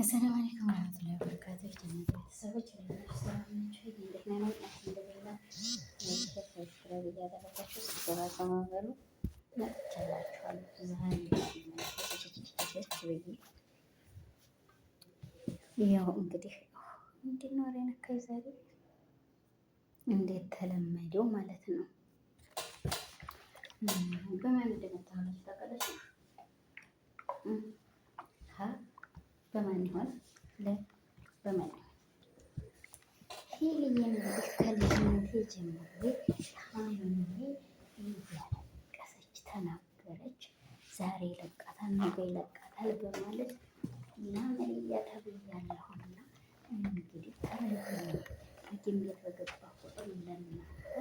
አሰላም አለይኩም ወራህመቱላሂ ወበረካቱህ። ቤተሰቦች እንግዲህ እንዴት ተለመደው ማለት ነው። በማን እንደመጣሁ በማን ይሆን ለ በማን ይሆን ሄልዬ ከልጅነቴ ጀምሬ ታምሜ እያለቀሰች ተናገረች። ዛሬ ይለቃታል፣ ነገ ይለቃታል በማለት እና ምን እያተብያለሁና እንግዲህ ተረጅ ሐኪም ቤት በገባ ቁጥር ለእናንተ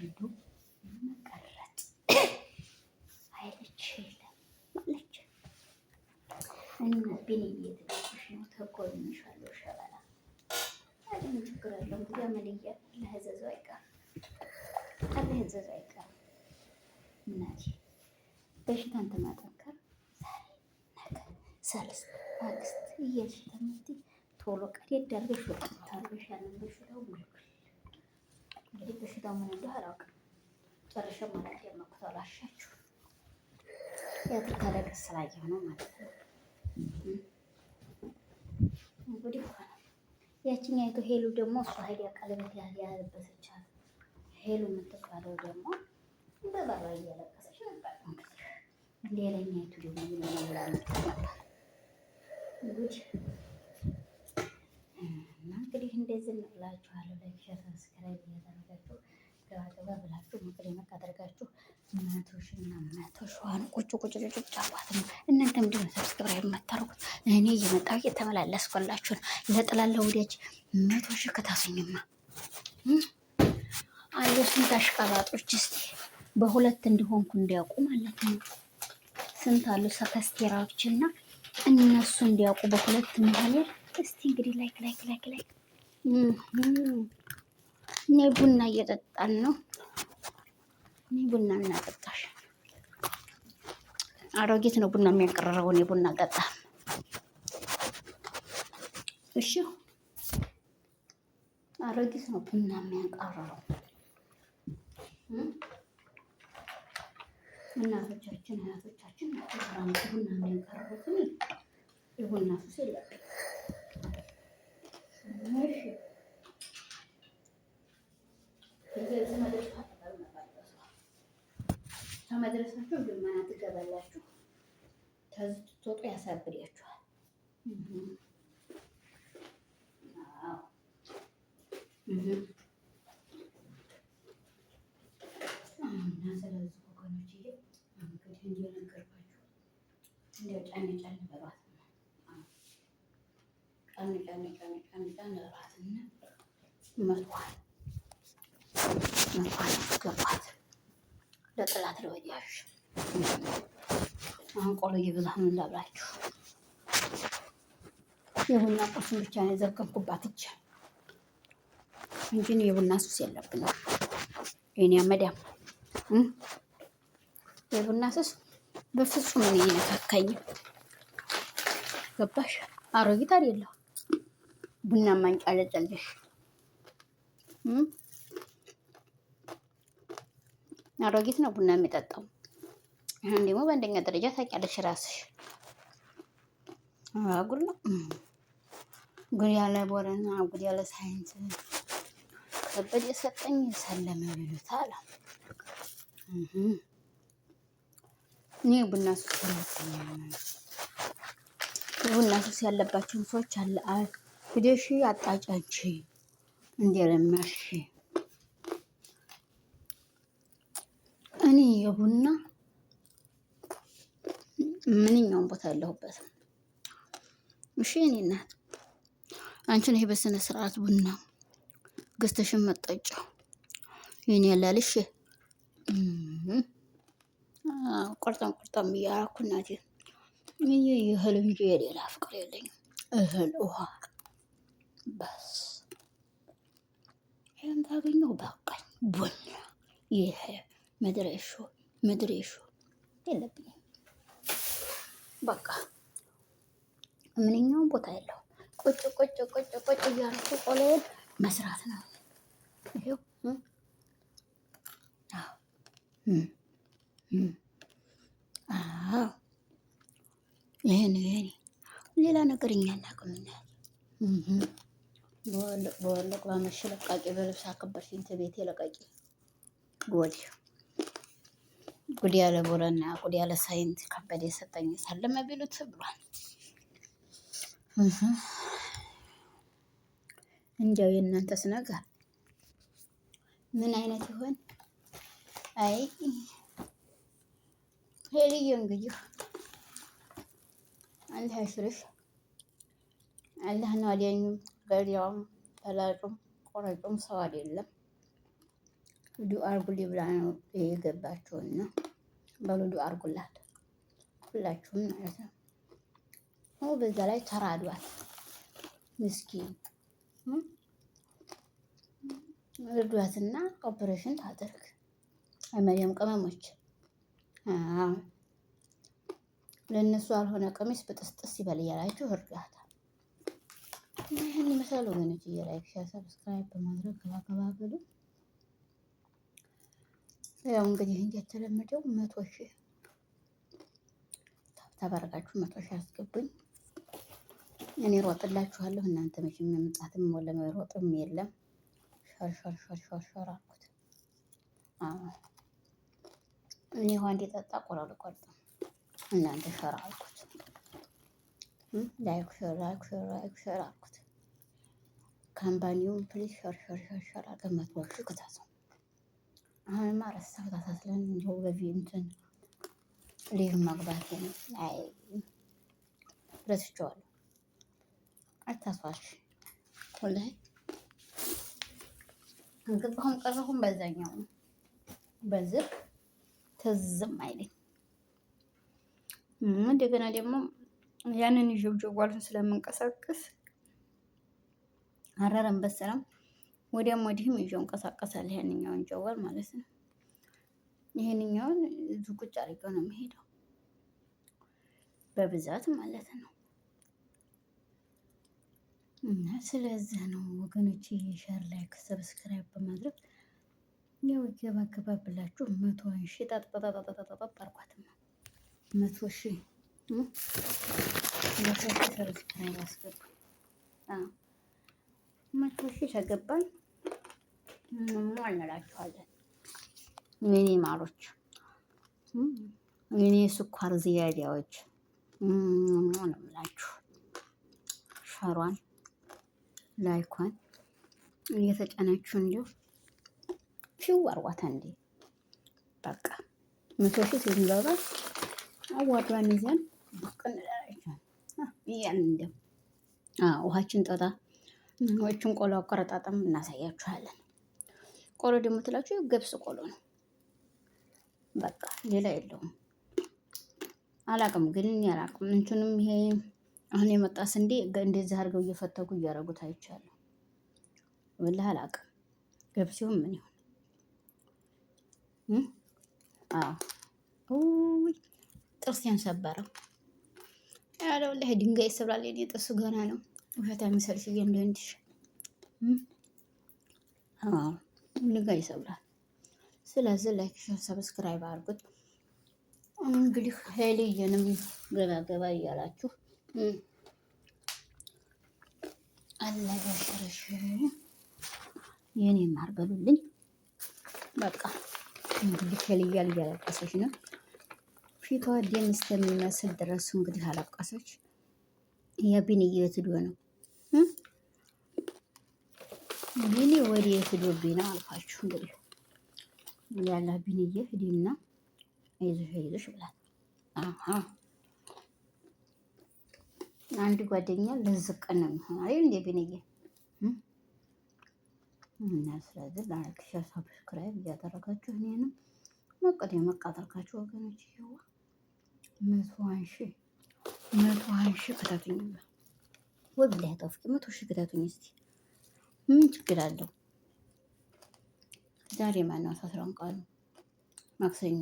ቪዲዮ መቀረጽ አይለች የለም አለች እና ልቤን እየተደረሽ ነው ተኮንሻለሁ። ሸበላ አለም ችግር አለው እንግዲህ አመልያ ለህዘዙ አይቀርም አለህዘዙ አይቀርም። እናቴ በሽታን ተማጠንከር ዛሬ ነገ ሰልስ ማግስት እየሽ ተምቲ ቶሎ ወጥታለሽ። ያለን በሽታው እንግዲህ በሽታው ምን እንደሆነ አላውቅም። ጨርሼ ማለት የመቁታላሻችሁ የአትካለቀ ስላየሆነው ማለት ነው ወደ ያችኛ አይቶ ሄሉ ደግሞ እሷ ሄዳ ቀለበት ያለበሰች አለ። ሄሉ የምትባለው ደግሞ በባሏ እያለቀሰች ነበር። ሌላኛ ሌላኛይቱ ደግሞ ጉድ እና እንግዲህ እንደዚህ እንብላችኋለሁ። ላይክ፣ ሸር፣ ሰብስክራይብ እያደረጋችሁ ገባገባ ብላችሁ መቅደመቅ አድርጋ መቶሽና መቶሽዋን ቁጭ ቁጭ ቁጭ አሏት ነው። እናንተ ምንድን ነው ሰብስክራይብ የማታርጉት? እኔ እየመጣሁ እየተመላለስኩላችሁን ለጥላለ ወዳጅ መቶ ሺህ ከታሱኝማ አሉ ስንት አሽቃባጦች እስቲ በሁለት እንዲሆንኩ እንዲያውቁ ማለት ነው። ስንት አሉ ሰከስቴራዎች እና እነሱ እንዲያውቁ በሁለት መሀል እስቲ እንግዲህ ላይክ ላይክ ላይክ ላይክ እኔ ቡና እየጠጣን ነው እኔ ቡና እናጠጣሽ። አሮጌት ነው ቡና የሚያቀረረው። እኔ ቡና ጠጣ። እሺ አሮጌት ነው ቡና የሚያቀረረው። እናቶቻችን አያቶቻችን ራንት ቡና የሚያቀርቡትን የቡና ሱስ የለብን። እሺ ከመድረሳቸው ልመና ትገባላችሁ። ከዚህ ያሳብዳችኋል። እና ስለዚህ ወገኖች እንግዲህ እንደነገርኳችሁ ጫን ጫን በሏት ጫን ጫን ጫን ጫን ጫን መቷል መቷል ገባት ለጠላት ለወዳሽ አሁን ቆሎ እየበዛ ምን እንዳብላችሁ የቡና ቁርሱን ብቻ ነው የዘከምኩባት እጅ እንጂ የቡና ሱስ የለብንም። የኔ አመዳም የቡና ሱስ በፍጹም እኔ አይነካካኝም። ገባሽ? አሮጊት አይደለሁ ቡና ማንጫ ማንጫለጠልሽ አሮጊት ነው ቡና የሚጠጣው። ይህን ደግሞ በአንደኛ ደረጃ ታውቂያለሽ ራስሽ። ጉድ ነው ጉድ ያለ ቦረና፣ ጉድ ያለ ሳይንስ ከበድ የሰጠኝ ሰለመ ይሉታል። እኔ ቡና ሱስ ያለብኝ ቡና ሱስ ያለባቸውን ሰዎች አለ ሂደሽ አጣጫንቺ እንደለመርሽ እኔ የቡና ምንኛውም ቦታ ያለሁበት እሺ፣ እኔ እናት አንቺን ይሄ በስነ ስርዓት ቡና ገዝተሽን መጠጫው ይህን ያላልሽ ቆርጣም ቆርጣም እያራኩ እናቴ ይህል እንጂ የሌላ ፍቅር የለኝ። እህል ውሃ በስ ይህን ታገኘው በቃኝ ቡና ይሄ መድረሾ መድረሾ የለብኝ በቃ ምንኛውም ቦታ የለው። ቆጭ ቆጭ ቆጭ ቆጭ እያልኩ ቆሎዬን መስራት ነው። ይሄው አዎ፣ ይሄ ነው ይሄ ሌላ ነገር እኛ እናቅም እናያል በወለቅ በወለቅ ባመሽ ለቃቂ በልብስ አከበር ሽንት ቤት የለቃቂ ወዲሁ ጉድ ያለ ቦረና ጉድ ያለ ሳይንት ከበደ የሰጠኝ ሳለመ ቢሉት ብሏል። እንዲያው የእናንተስ ነገር ምን አይነት ይሆን? አይ ሄልዬ እንግዲህ አላህ ያሽርሽ። አላህ ነው አዳኙም ገሪያውም ፈላጩም ቆራጩም ሰው አይደለም። ዱአ አርጉልኝ ብላ ነው የገባችሁና በሉ ዱአ አርጉላት ሁላችሁም ማለት ነው። በዛ ላይ ተራዷል ምስኪን እርዷትና ኦፕሬሽን ታደርግ አመሪያም ቅመሞች ለእነሱ ያልሆነ ቀሚስ በጥስጥስ ይበል እያላችሁ እርዷት። ይህን ይመስላል ወገኖች። እየላይክ ሰብስክራይብ በማድረግ ገባገባ በሉ። ያው እንግዲህ እንደተለመደው መቶ ሺህ ተባረቃችሁ መቶ ሺህ አስገቡኝ። እኔ ሮጥላችኋለሁ። እናንተ መቼም መምጣትም ለመሮጥም የለም። ሸርሸርሸርሸርሸር አልኩት። እኔ ውሃ እንዲጠጣ ቆላል ቆልጥም እናንተ ሸር አልኩት። ላይክ ሸር ላይክ ሸር ላይክ ሸር አልኩት። ካምፓኒውን ፕሊዝ ሸርሸርሸርሸር አገመት ወርሽ ክታሰው አሁንማ ረሳሁት። አሳስለን እንደው በቪዲዮ እንትን ሌቭ መግባት ነው። አይ አታስዋሽ ወላሂ ገባሁም ቀረሁም በዛኛው በዚህ ትዝም አይለኝ። እንደገና ደግሞ ያንን ይዤው ጀጓልን አረረን በሰላም ወዲያም ወዲህም ይዤው እንቀሳቀሳለሁ። ያንኛውን ጀወር ማለት ነው። ይህንኛውን እዙ ቁጭ አድርጌው ነው የሚሄደው በብዛት ማለት ነው። እና ስለዚህ ነው ወገኖች ሼር፣ ላይክ፣ ሰብስክራይብ በማድረግ ያው ገባ ገባ ብላችሁ መቶ ሺ ጣጥጣጣጣጣጣጣ ነው መቶ ሺ ሰብስክራይብ አስገባኝ። መቶ ሺ ተገባኝ እንላችኋለን። የኔ ማሮች፣ የኔ ስኳር ዝያዳዎች ነው የምላችሁ። ሸሯን ላይኳን እየተጨነችው እንዲሁ ፊው አርጓታ እንዴ በቃ መቶ ሺህ አዋዷን ይዘን እያን እንዲሁ ውሃችን ጠጣ ዎችን ቆሎ አቆረጣጠም እናሳያችኋለን። ቆሎ ደግሞ ትላችሁ ገብስ ቆሎ ነው። በቃ ሌላ የለውም። አላቅም ግን እኔ አላቅም እንትንም ይሄ አሁን የመጣ ስንዴ እንደዚህ አድርገው እየፈተጉ እያደረጉት አይቻለሁ። ወላ አላቅም ገብስ ምን ይሆን? አዎ ጥርሴን ሰበረው። ያለ ወላሂ ድንጋይ ይሰብራል። የኔ ጥርሱ ገና ነው። ውሸት አይመስልሽ እየምደንሽ አዎ ምን ጋር ይሰብራል። ስለዚህ ላይክ፣ ሼር፣ ሰብስክራይብ አድርጉት። እንግዲህ ሄልየንም ገባ ገባ እያላችሁ አለ ያሸረሽር የኔ ማርገሉልኝ በሉልኝ። በቃ እንግዲህ ሄልያ እያለቀሰች ነው። ፊቷ ደም እስከሚመስል ድረስ እንግዲህ አለቀሰች። የቢንየት ዶ ነው ቢኒ ወዲህ ሂዶብኝ ነው አልኳችሁ። እንግዲህ ያላ ቢኒዬ ሂዲና አይዞሽ አይዞሽ ብላል። አንድ ጓደኛ ለዝቅ ነው የሚሆነው አይደል እንዴ ቢኒዬ? እና ስለዚህ ላይክ፣ ሼር፣ ሰብስክራይብ እያደረጋችሁ እኔንም መቀደ መቃጠርካችሁ ወገኖች ይዋ መቶ አንሺ መቶ አንሺ ክታቱኝ ወብላ ተፍቂ መቶ ሺ ክታቱኝ እስቲ ምን ችግር አለው? ዛሬ ማነው አስራ አስራውን ቀኑ ማክሰኞ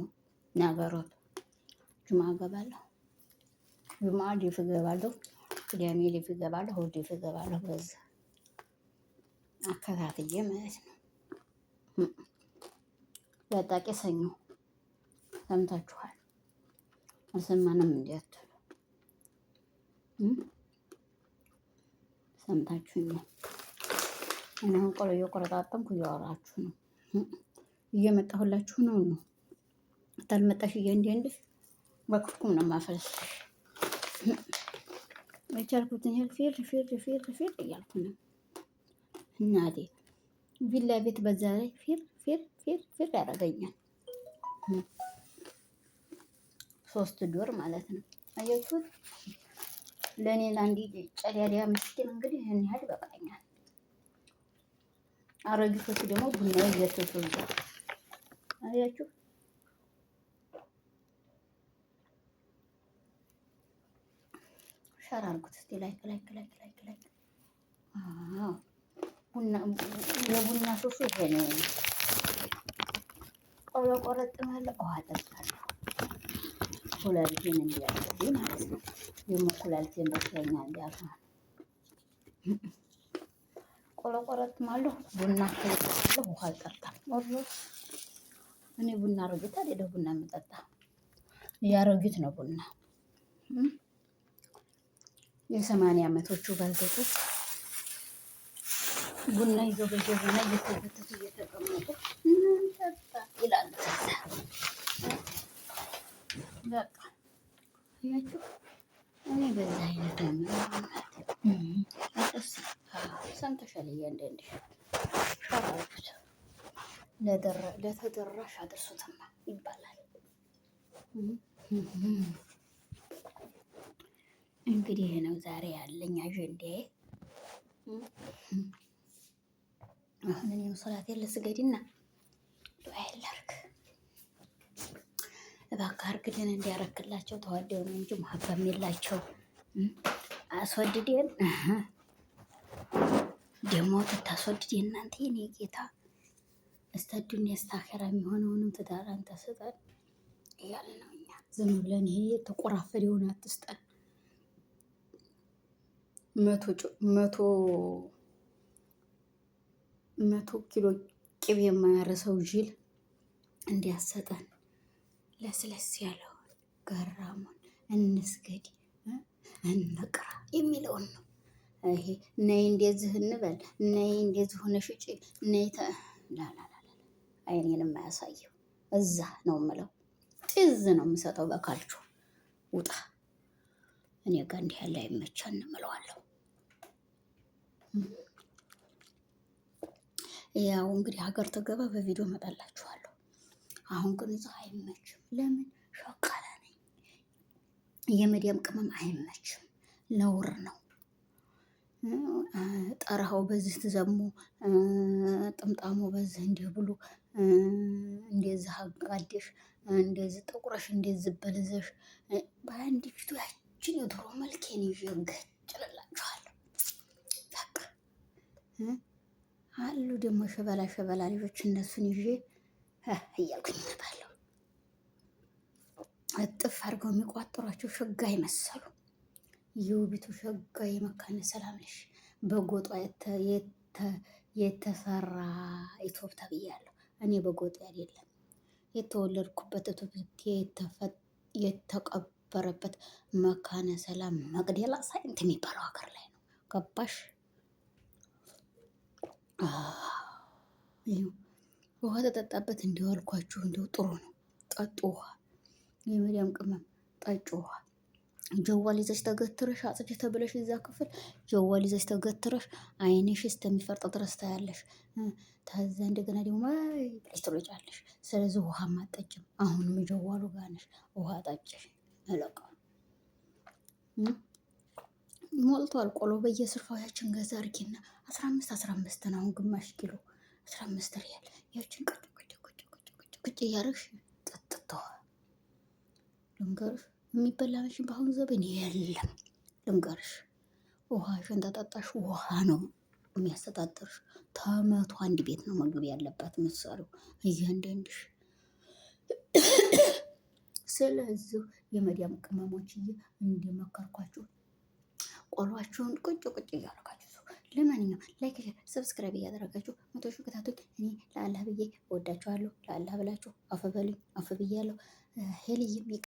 ነገ ሮብ ጁማ እገባለሁ። ጁማ ዲፍ እገባለሁ። ቅዳሜ ዲፍ እገባለሁ። እሑድ ዲፍ እገባለሁ። በዛ አከታትዬ ማለት ነው። ለጣቂ ሰኞ ሰምታችኋል። አልሰማንም እንዲያትሉ ሰምታችሁኛል። እኔ አሁን ቆሎ እየቆረጣጠምኩ እያወራችሁ ነው። እየመጣሁላችሁ ነው ነው ታልመጣሽ እያንዳንድሽ በክፍኩም ነው የማፈልስሽ። የቻልኩትን ያህል ፌር ፌር ፌር ፌር እያልኩ ነው እናቴ። ቪላ ቤት በዛ ላይ ፌር ፌር ፌር ፌር ያደርገኛል። ሶስት ዶር ማለት ነው። አያችሁት? ለእኔ ለአንድ ጨዳዳ ምስኪን እንግዲህ ይህን ያህል ይበቃኛል። አሮጊቶቹ ደግሞ ቡና ይዘው ይዟል። አያችሁ ሸር አድርጉት እስኪ ላይክ ላይክ ላይክ ላይክ ላይክ። አዎ ቡና ለቡና ሶሱ ይሄ ነው። ቆሎ ማለት ውሃ ጠጣለሁ። ኩላሊቴን ማለት ነው። ደግሞ ኩላሊቴን በሽተኛ ቆለቆለጥማለሁ። ቡና ከልጠጣለሁ። ውሃ አልጠጣም። እኔ ቡና አሮጊት አይደለሁ። ቡና የምጠጣ ያሮጊት ነው ቡና የሰማንያ ዓመቶቹ ባልቴቶች ቡና ይዞ ቡና እየተጎተቱ እየተቀመጡ እንጠጣ ይላሉ። በቃ እያችሁ እኔ በዛ አይነት ነው። ሰምተሻል። እያንዳንድ ሸራሉት ለተደራሽ አድርሱትማ ይባላል። እንግዲህ ይህ ነው ዛሬ ያለኝ አጀንዳ። አሁን እኔም ሶላቴን ልስገድና ዱዓ ላርግ። እባክህ አርግልን እንዲያረክላቸው ተዋደው ነው እንጂ መሀባም የላቸው። አስወድደን ደግሞ ትታስወድድ እናንተ የኔ ጌታ እስተ ዱንያ እስተ አኼራ የሚሆነውንም ትዳር አንተ ስጠን እያለ ነው። እኛ ዝም ብለን ይሄ የተቆራፈደ የሆነ አትስጠን። መቶ መቶ መቶ ኪሎ ቅቤ የማያረሰው ጅል እንዲያሰጠን ለስለስ ያለውን ገራሙን እንስገድ። እንቅራ የሚለውን ነው። ይሄ ነይ እንደዚህ እንበል፣ ነይ እንደዚህ ሆነሽ ውጪ፣ ነይ ተ ላላላ አይኔንም አያሳየው። እዛ ነው የምለው፣ ጥዝ ነው የምሰጠው በካልቾ ውጣ። እኔ ጋር እንዲህ ያለ አይመቻ እንምለዋለሁ። ያው እንግዲህ ሀገር ተገባ በቪዲዮ መጣላችኋለሁ። አሁን ግን እዛ አይመችም። ለምን ሸቃ የመዲያም ቅመም አይመችም፣ ነውር ነው። ጠረሃው በዚህ ትዘሙ፣ ጥምጣሙ በዚህ እንዲህ ብሉ፣ እንደዚህ አጋደሽ፣ እንደዚህ ጥቁረሽ፣ እንደዚህ በልዘሽ፣ በአንድ ፊቱ ያችን የድሮ መልኬን ይዤ ገጭልላችኋለሁ። በቃ አሉ ደግሞ ሸበላ ሸበላ ልጆች እነሱን ይዤ እያልኩኝ ነባለሁ። እጥፍ አድርገው የሚቋጠሯቸው ሸጋ መሰሉ። የውቢቱ ሸጋ መካነ ሰላም ነሽ። በጎጧ የተሰራ ኢትዮፕ ተብያለሁ። እኔ በጎጤ አይደለም የተወለድኩበት ኢትዮጵ የተቀበረበት መካነ ሰላም መቅደላ ሳይንት የሚባለው ሀገር ላይ ነው። ገባሽ? ውሃ ተጠጣበት እንዲዋልኳችሁ እንዲው ጥሩ ነው። ጠጡ ውሃ የመዳም ቅመም ጠጭ ውሃ ጀዋል ይዘሽ ተገትረሽ አጽጅ ተብለሽ እዛ ክፍል ጀዋል ይዘሽ ተገትረሽ አይንሽ እስከሚፈርጥ ድረስ ታያለሽ። ታዛ እንደገና ደግሞ ብለሽ ትሎጫለሽ። ስለዚህ ውሃ አጠጭም። አሁንም ጀዋሉ ጋር ነሽ። ውሃ ጠጭሽ እለቀ ሞልቷል። ቆሎ በየስርፋው ያችን ገዛ አርጊና አስራ አምስት አስራ አምስት ነው አሁን ግማሽ ኪሎ አስራ አምስት ሪያል ያችን ቅጭ ቅጭ ቅጭ ቅጭ ቅጭ እያደረግሽ ጠጥተዋል ልንገርሽ፣ የሚበላሽን በአሁኑ ዘመን የለም። ልንገርሽ፣ ውሃሽን ተጠጣሽ ውሃ ነው የሚያሰጣጥርሽ። ተመቶ አንድ ቤት ነው መግብ ያለባት ምሳሌው እያንዳንድሽ። ስለዚህ የመዲያም ቅመሞችዬ እንደመከርኳችሁ ቆሏችሁን ቁጭ ቁጭ እያደረጋችሁ ለማንኛውም ላይክ፣ ሰብስክራይብ እያደረጋችሁ መቶ ሺህ ክታቶች። እኔ ለአላህ ብዬ እወዳችኋለሁ። ለአላህ ብላችሁ አፈበሉኝ። አፈብያለሁ ሄልይም